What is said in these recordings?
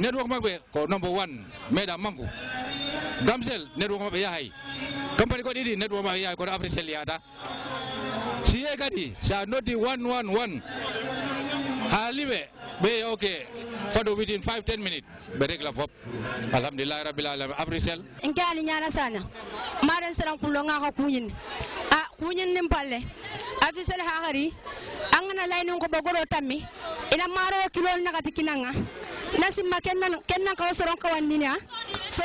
network maɓɓe ko number one meda mangu gamsel network maɓɓe yahay company ko ɗiɗi network maɓɓe yahay kono africel yahata si yehi kadi sa one 111 haaliɓe be ok fado within 5 10 minutes ɓe régla fop alhamdulillah rabbil alamin afrisel nke ani ñana sana maɗen seran kullo ga ka kuñinni a kuñin nin palle africel ha hari an gana laynin ko ɓogoɗo tammi ina maaro kilol nakati kinanga nasimma kennan kennan kawo soron kawan nini ha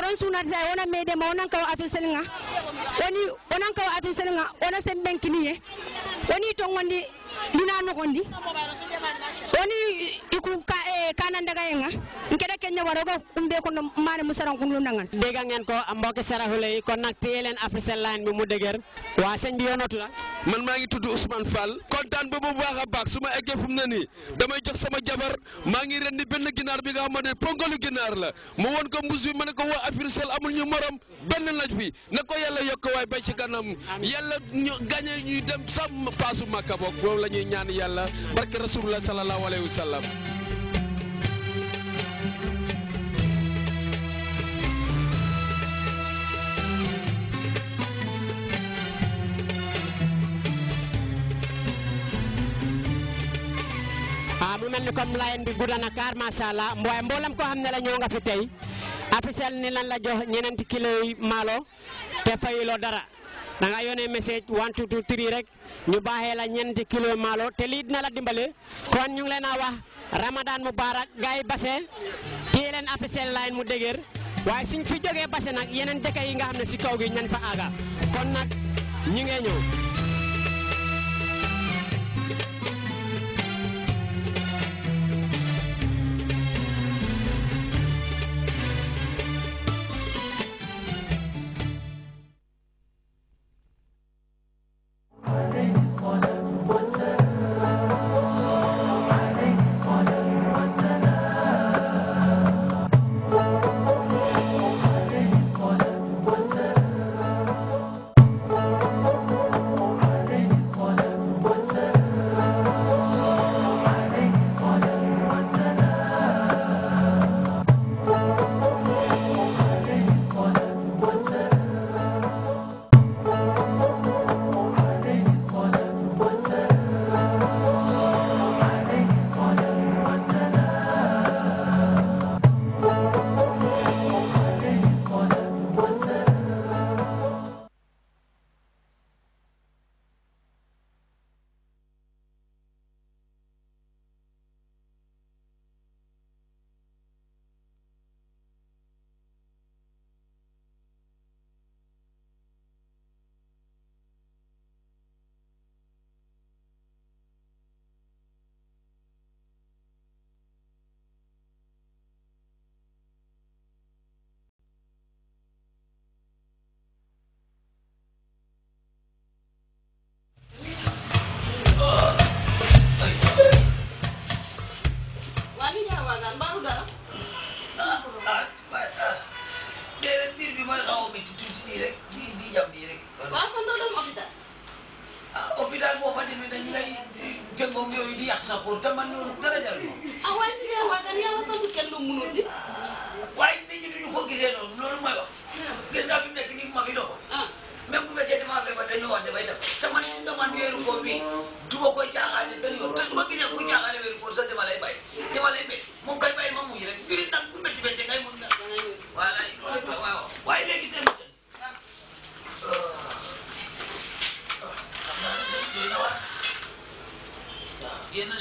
na sunata wona mede ma wonan kawo afisel nga woni wonan kawo afisel nga wona semben kiniye woni to dina kondi oni iku ka e kanan ga nga ngeda kenya warogo umbe ko mane musaran ko nangan dega ngen ko mbokke sarahule ko nak teyelen africell line bi mu deger wa señ bi yonatu la man ma ngi tuddu Ousmane Fall kontaan bu bu baakha baax suma egge fu ne damay jox sama jabar ma ngi rendi ben ginar bi nga xamante pongolu ginar la mu won ko mbus bi ma ko wa Africell amul ñu morom ben laj bi nako yalla yok way ba ci kanam yalla ñu gañe ñu dem sam passu makka bok lañuy ñaan yalla barke rasulullah sallallahu alaihi wasallam sallam ah, mu mel comme layen bi gudda na ko la nga da nga yónnee message one two two three rek ñu baaxee la ñeenti kilo maalo te lii dina la dimbale kon ñu ngi leen a wax Ramadan Mubarak gars yi base téye leen appui seen mu dëgër waaye suñ fi jógee base nag yeneen dëkk yi nga xam ne si kaw gi ñan fa aaga kon nag ñu ngi ñëw. daal mbaaru dara. ah ah ah déedéet biir bi mooy xaw a métti tuuti nii rek di di jam nii rek. waaw kon doo dem hôpital. ah hôpital boo fa demee dañu lay jëngoog yooyu di yàq sa xol te man loolu dara jar loolu. ah waaye li ngeen wax daal yàlla sant kenn lu ah, ko gisee noonu loolu mooy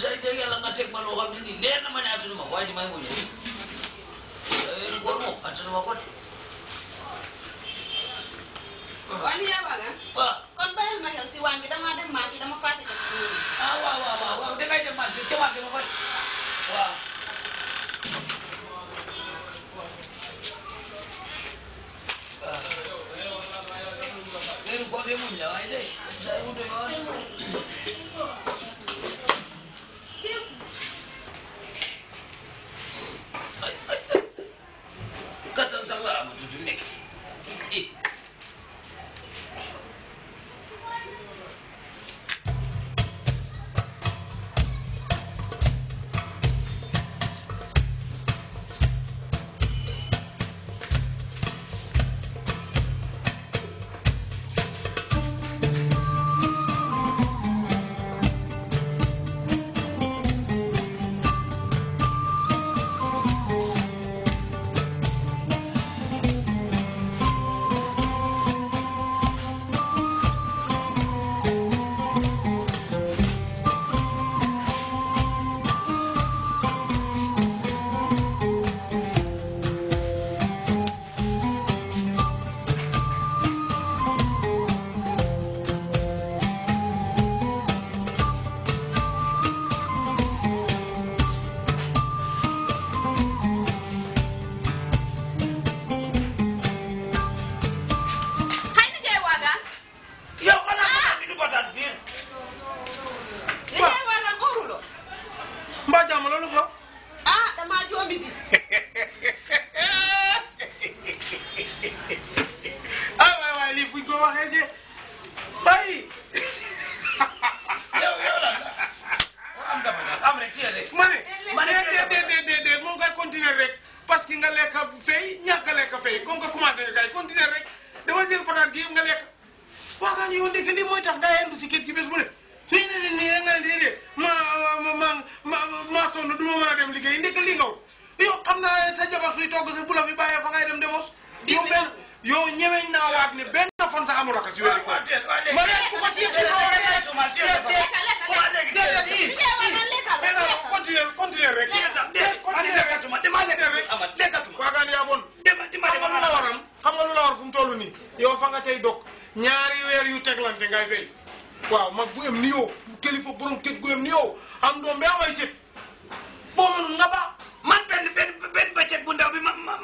Jadi eh, kan? ah, dia yalla ngatek cek lo xamni ni leer na ma ne atunu ma waji may moñu en ko mo atunu ma wani ya baga kon bayal ma xel si bi dama dem dama ko ah waaw waaw waaw waaw da ngay dem marché ci marché ma fay waaw Ini kok dia David. ah waay waay lii fuñ ko waxee ci tay yow yow la am dama am rek tiye rek ma ne ma ne dee dee dee dee moom ngay continuer rek parce que nga lekk fay ñàkk a lekk fay comme nga commencé ngay continuer rek dama jël pataat gi nga lekk waa kaa ñu yoon dégg lii mooy tax daa yendu si kër gi bés bu ne suñu ne nii rek nga ne déedéet ma ma ma ma ma sonn du ma mën a dem liggéey ndekk li nga yow xam naa sa jabar suy togg si bu fi bàyyee fa ngay dem demos. yow ñemeñ naa waat ne benn fan sax amul ak si waaw ma ne ku ko ci yëpp dina war a lekk déet déet waaw léegi déet fu mu toll nii. yow ñaari weer yu teglante ngay fay. bu am doom bi amay cët boo mën nga ba. xeej bu ndaw bi ma ma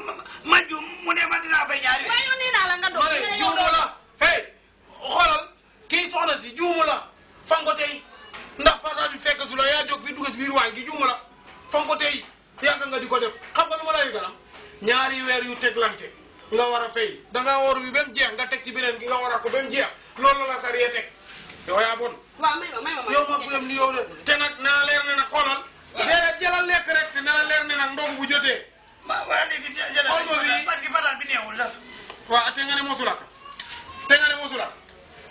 ma juum mu ne ma dinaa fay ñaari. waaye naa la nga doon dina yow juumu la hey xoolal kii soxna si juumu la fanko tey ndax partage bi fekk su la yaa jóg fi dugg si biir waañ gi juumu la fanko tey yàgg nga di ko def xam nga lu ma ñaari weer yu teglante nga war a fay dangaa war bi ba mu jeex nga teg ci beneen gi nga war ko ba mu jeex loolu la a yee teg yow yaa bon. waaw may ma may ma yow ni yow te naa leer ne nag xoolal. déedéet jëlal lekk rek te na la leer ne nag ndogu bu jotee. ma ma dégg jërëjëf la. waaw te nga ne mosul ak te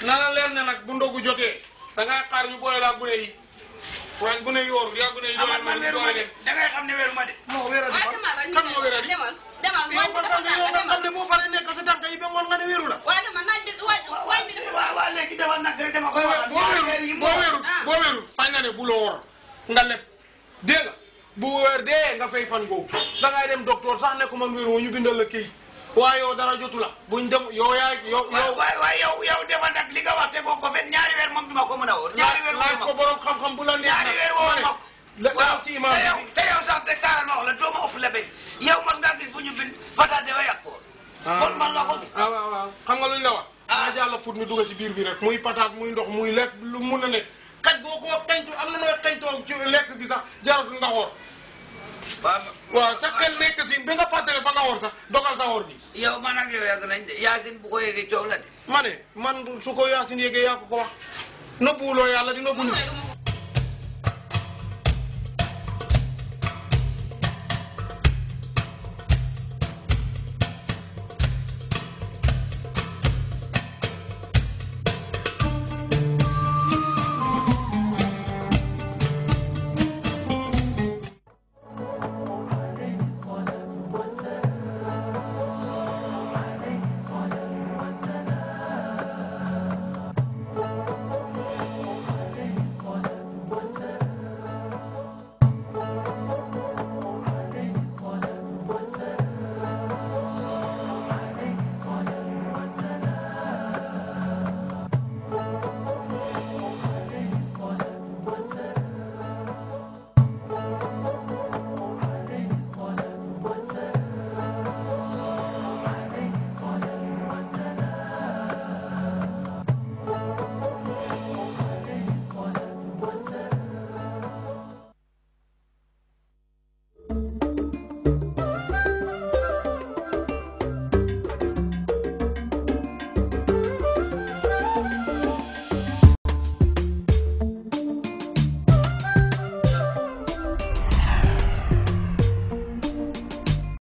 na la leer ne nag bu ndogu jotee da ngay xaar ñu boole laa gune yi waaye gune yi wóorul da ngay xam ne weeru ma de. moo weeral di fan kan moo weeral di. demal demal mooy dafa tànk demal nga xam ne boo faree weeru boo weeru boo weeru ah. boo weeru sañ na nga leb dégg nga bu wër dee nga fay fan googu da ngay dem docteur sax ne ko man wér ñu bindal la kii waaye yow dara jotu la buñ dem yow yaa yow. yow waay waay yow yow li nga wax te ko fen ñaari weer a wóor. ñaari weer wóor ko borom xam-xam bu la neex ñaari weer wóor ma ko. la daaw ci imaam bi te yow sax te yow man ngaa gis fu ñu bind Fata dafa yàq ko. Ah. kon man la ko gis. ah waaw waaw xam nga luñ la wax. ah jàll pour ñu dugg si biir bi rek muy pataat muy ndox muy lekk lu mun a nekk xaj boo ko xañtu am na nooy xañtoo ci lekk gi sax jaratu nga xoor waaw sax xel nekk si bi nga fàttali fa nga woor sax dogal sa woor bi yow man ak yow yàgg nañ de Yaasin bu ko yéegee coow la de ma ne man su ko Yaasin yéegee yaa ko ko wax nëbbuwuloo yàlla di nëbbuñu